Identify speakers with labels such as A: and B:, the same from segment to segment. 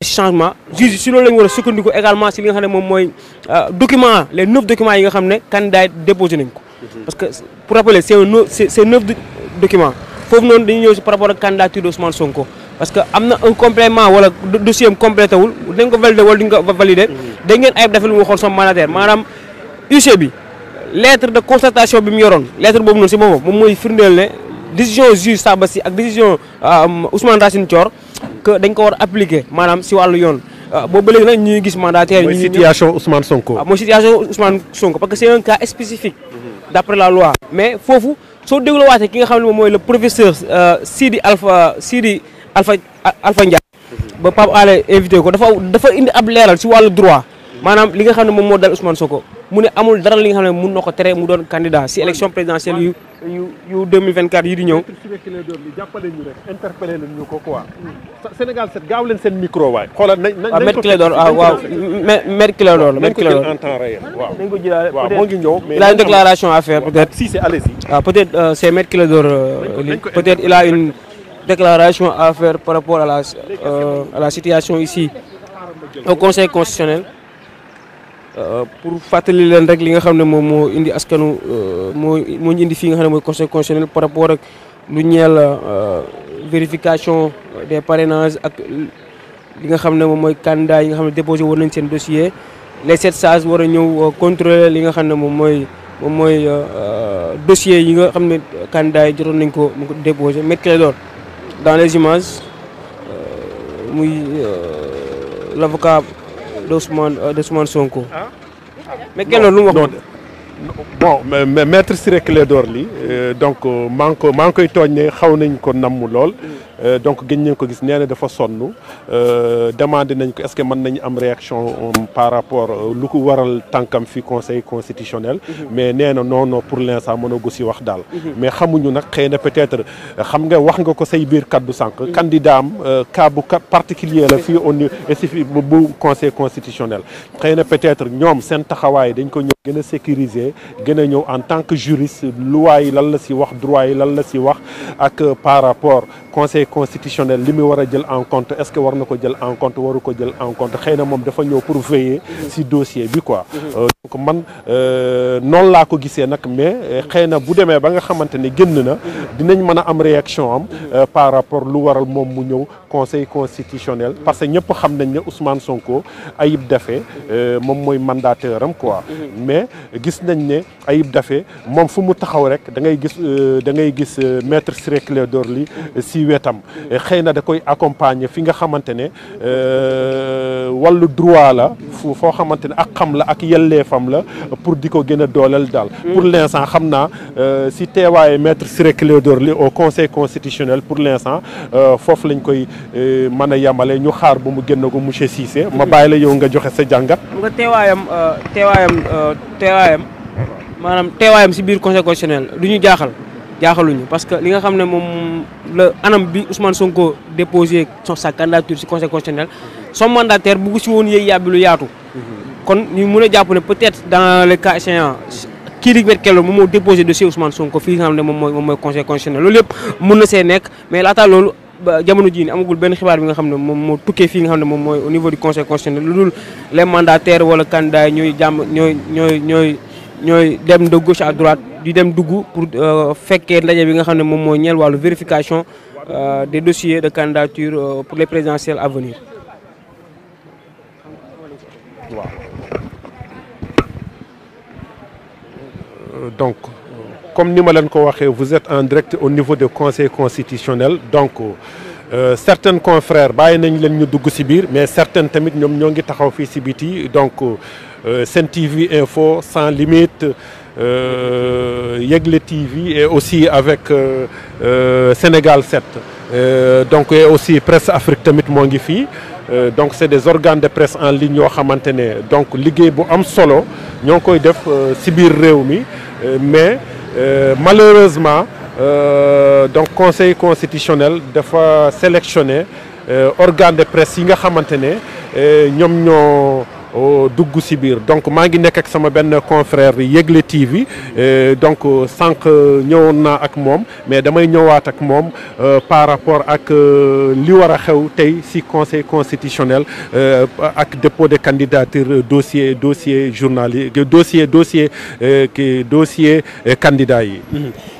A: changement juge si loolu la également si li nga xam euh, document les neuf documents yi nga xam candidat déposé ko. Mhm. parce que pour rappeler c'est un neuf documents foofu noonu dañuy ñëw si par rapport ak candidature d'Ousmane Sonko. parce que amna un complément wala dossier am complété wul dañ ko validé wala duñ ko validé. Mhm. dañ ngeen ayib mu mandataire maanaam UC bi lettre de constatation bi mu yoroon lettre boobu noonu si boppam moom mooy firndeel ne. décision juge Samba Sy ak décision euh, Ousmane Racine Thior que dañ ko war appliquer manam ci walu yoon euh, ba léegi nak ñuy gis mandataire ñi situation
B: Ousmane Sonko ah, mo
A: situation Ousmane Sonko parce que c'est un cas spécifique mhm. d'après la loi mais fofu so déglu waté ki nga xam ne le professeur euh, Sidi Alpha Sidi Alpha Alpha ndia ba pap Alé invité ko dafa dafa indi ab leral ci walu droit manam li nga xam ne moom dal Ousmane Sonko mu ne amul dara li nga xam ne mun téré mu doon candidat ci élection présidentielle yu yu 2024 yi di ñëw.
B: jappalé ñu rek interpellé leen ñu ko quoi. Sénégal set gaaw leen sen micro way xoolal nañ nañ ko Maître Clédor waaw waaw Maître dor. Maître Clédor nañ réel waaw. nañ ko ngi ñëw mais ah, euh, euh, il a une déclaration
A: à faire peut être. si c'est allez-y. waaw peut être c'est Maître Clédor dor. peut être il a une déclaration à faire par rapport à la euh, à la situation ici au conseil constitutionnel. Euh, pour fàttali leen rek li nga xam ne moom moo indi askanu euh, moo mooy ñu indi fii nga xam ne mooy conseil constitutionnel par rapport ak lu ñeel euh, vérification des parrainages ak li nga xam ne moom mooy candidat yi nga xam ne déposé woon nañ seen dossier les sept sages war a ñëw contrôler li nga xam ne moom mooy moom mooy dossier yi nga xam ne candidat yi jotoon nañ ko mu ko déposé mettre clé dans les images muy l'avocat
B: d'Ousmane d'Ousmane euh, Sonko. Ah.
A: mais kenn lu mu wax.
B: bon maître Sirek Clédor euh, donc euh, manko ko euh, donc ko gis est-ce que nous nañ am réaction par rapport lu ko waral fi conseil constitutionnel mhm. mais non non pour l'instant wax mhm. mais xamuñu peut-être xam nga wax nga ko say mhm. candidat particulier la conseil constitutionnel peut-être sécuriser jàngale ñëw en tant que juriste loi yi lan la si wax droit yi lan la si wax ak par rapport conseil constitutionnel limi wara jël en compte est-ce que war na ko jël en compte waru ko jël en compte xeyna mom dafa ñëw pour veiller si dossier bi quoi. Euh, donc man euh, non la ko gissé nak mais euh, xeyna bu démé ba nga xamanténi genn na dinañ mëna am réaction am par rapport lu waral mom mu ñëw conseil constitutionnel parce que ñëpp xam nañ ne Ousmane Sonko Ayib Dafé mom moy mandataire am quoi. mais gis nañ né Ayib Dafé mom fu mu taxaw rek da ngay gis da ngay gis maître Ciré Clédor si. ci wetam xëy na da koy accompagner fi nga xamante ne euh, wàllu droit la foo xamante ne ak xam la ak yelleefam la pour di ko gën a dooleel daal pour l'instant xam naa euh, si teewaaye metre Ciré Clédor Ly au conseil constitutionnel pour l'instant euh, foofu lañ koy mën a yamale ñu xaar ba mu génn ko monsieur Cissé ma bàyyi la yow nga joxe sa jàngat
A: nga teewaayam teewaayam teewaayam si biir conseil constitutionnel du ñu jaaxal jaaxaluñu parce que li nga xamné mom le anam bi Ousmane Sonko déposé sa candidature ci conseil constitutionnel son mandataire bugg si woon yéey yàbbi yaatu. kon ñu mëna a jàpp peut-être dans le cas échéant kii di Mbette déposé dossier Ousmane Sonko fi nga xamné mom moy mooy conseil constitutionnel loolu yëpp mën na see mais laata loolu. ba jamono jii nii amagul benn xibaar bi nga xamné mom mo tuké fi nga xamné mom moy au niveau du conseil constitutionnel lu les mandataires wala candidats yi jam ñoy ñoy ñoy ñoy dem de gauche à droite du dem dugg pour euh, faire ndaje bi nga xamné mom mo ñël walu vérification euh, des dossiers de candidature euh, pour les présidentielles à venir.
B: donc comme ni ma leen ko vous êtes en direct au niveau du conseil constitutionnel donc euh, certains confrères bàyyi nañ leen ñu dugg ci biir mais certains tamit ñom ñoo taxaw ci biti donc euh, Sen TV Info sans limite. Euh, Yegle TV et aussi avec euh, euh, Sénégal 7 donc et aussi Presse Afrique tamit donc c'est des organes de presse en ligne yoo donc ligue bu am solo ñoo ngi koy def mais malheureusement donc conseil constitutionnel a sélectionné organes de presse qui ont été donc je suis ak confrère Yegle TV euh, donc euh, sans euh, ñëwoon ak mais damay ak par rapport à li war si conseil constitutionnel ak dépôt de candidature dossier dossier journaliste dossier dossier dossier candidat
C: mm-hmm.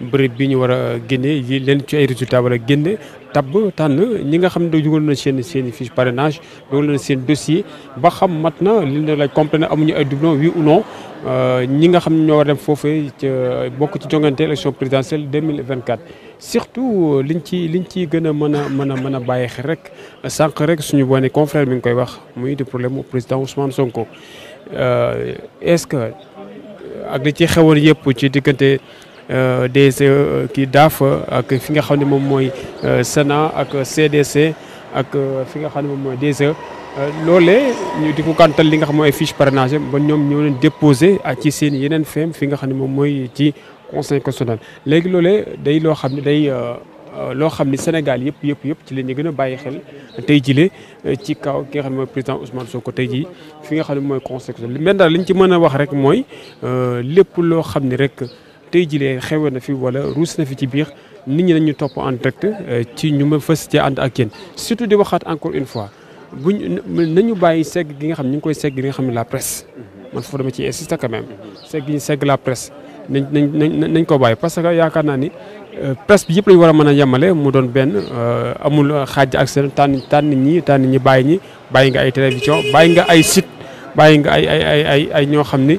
C: bërëb bi ñu war a yi leen ci ay résultats war a génne tabb ñi nga xamne ne dugal na seen seen fiche parrainage dugal na seen dossier ba xam mat li ñu lay complété amuñu ay doublon wi ou non euh, ñi nga xam ñoo war dem fofé ci bokku ci jongante élection présidentielle 2024 surtout euh, liñ ci liñ ci gëna mëna mëna mëna mën a rek sànq rek suñu bone confrère mi ngi koy wax muy di problème au président Ousmane Sonko euh est-ce que ak li ci xewoon yépp ci diggante. Euh, DG euh, qui DAF euh, ak fi nga xamni mom moy mooy ak CDC ak fi nga xamni mom moom mooy DG. E. loolee ñu di ko li nga xam moy fiche parrainage ba ñom ñu leen déposer ak ci seen yenen feem fi nga xamni mom moy ci conseil constitutionnel légui lolé day lo xamni day. lo xamni Sénégal yépp yépp yépp ci la ñu gën a bàyyi xel tey jile ci kaw ki nga xam ne président Ousmane Sonko tay ji fi nga xamni ne mooy conseil li mel liñ ci mëna wax rek moy lépp lo xamni ni rek. tey jilee xewe na fi wala ruus na fi ci biir nit ñi nañu topp en direct euh, ci ñu ma fës ci ànd ak yéen surtout di waxaat encore une fois bu buñ nañu bàyyi segg gi nga xam ñu ngi koy segg gi nga xam ne la presse man foofu dama ci insister quand même segg ñu segg la presse nañ nañ nañ ko bàyyi parce que yaakaar naa ni euh, presse yëpp lañu war a mën a yemale mu doon benn euh, amul xaaj ak seen tànn tànn ñi tànn ñi bàyyi ñi bàyyi nga ay télévision bàyyi nga ay sit bàyyi nga ay ay ay ay ay ñoo xam ni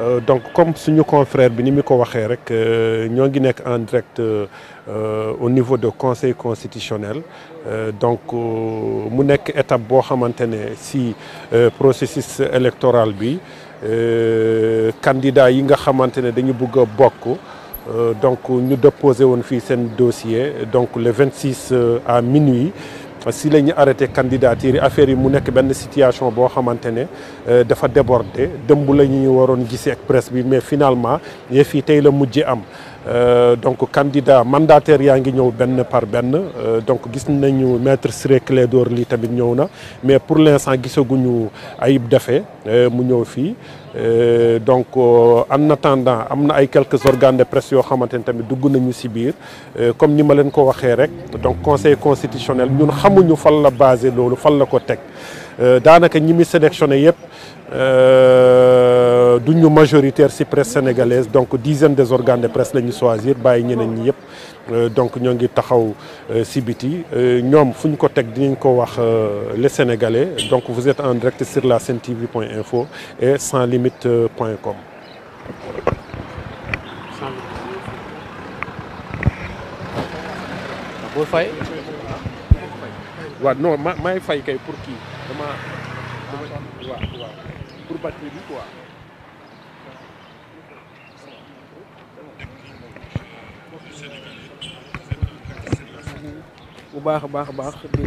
B: Euh, donc comme suñu confrère bi nous ko euh, en direct euh, au niveau du conseil constitutionnel donc mu nekk étape boo xamante si processus électoral bi candidat yi nga xamante ne dañu bëgg donc ñu déposé un dossier donc le 26 à minuit si la ñu arrêté candidature affaire yi mu nekk benn situation boo xamante ne euh, dafa débordé dëmb la ñuy waroon gisee ak presse bi mais finalement yëf yi tey la mujjee am euh, donc candidat mandataire yangi ngi ben benne par benne euh, donc gis nañu maître Ciré Clédor li tamit ñëw na mais pour l'instant gisaguñu Ayib Daffé euh, mu ñëw fii donc en attendant amna ay quelques organes de presse yo xamantene tamit dugg nañu ci biir comme ni ma leen ko waxé rek donc conseil constitutionnel ñun xamuñu fan la basé lolu fan la ko tek daanaka ñi sélectionner sélectionné yépp sommes euh, majoritaire la presse sénégalaise donc dizaine des organes de presse la choisir euh, donc nous taxaw euh, nous les sénégalais donc vous êtes en direct sur la et sans non pour qui pour quoi. bu baax a baax a baax di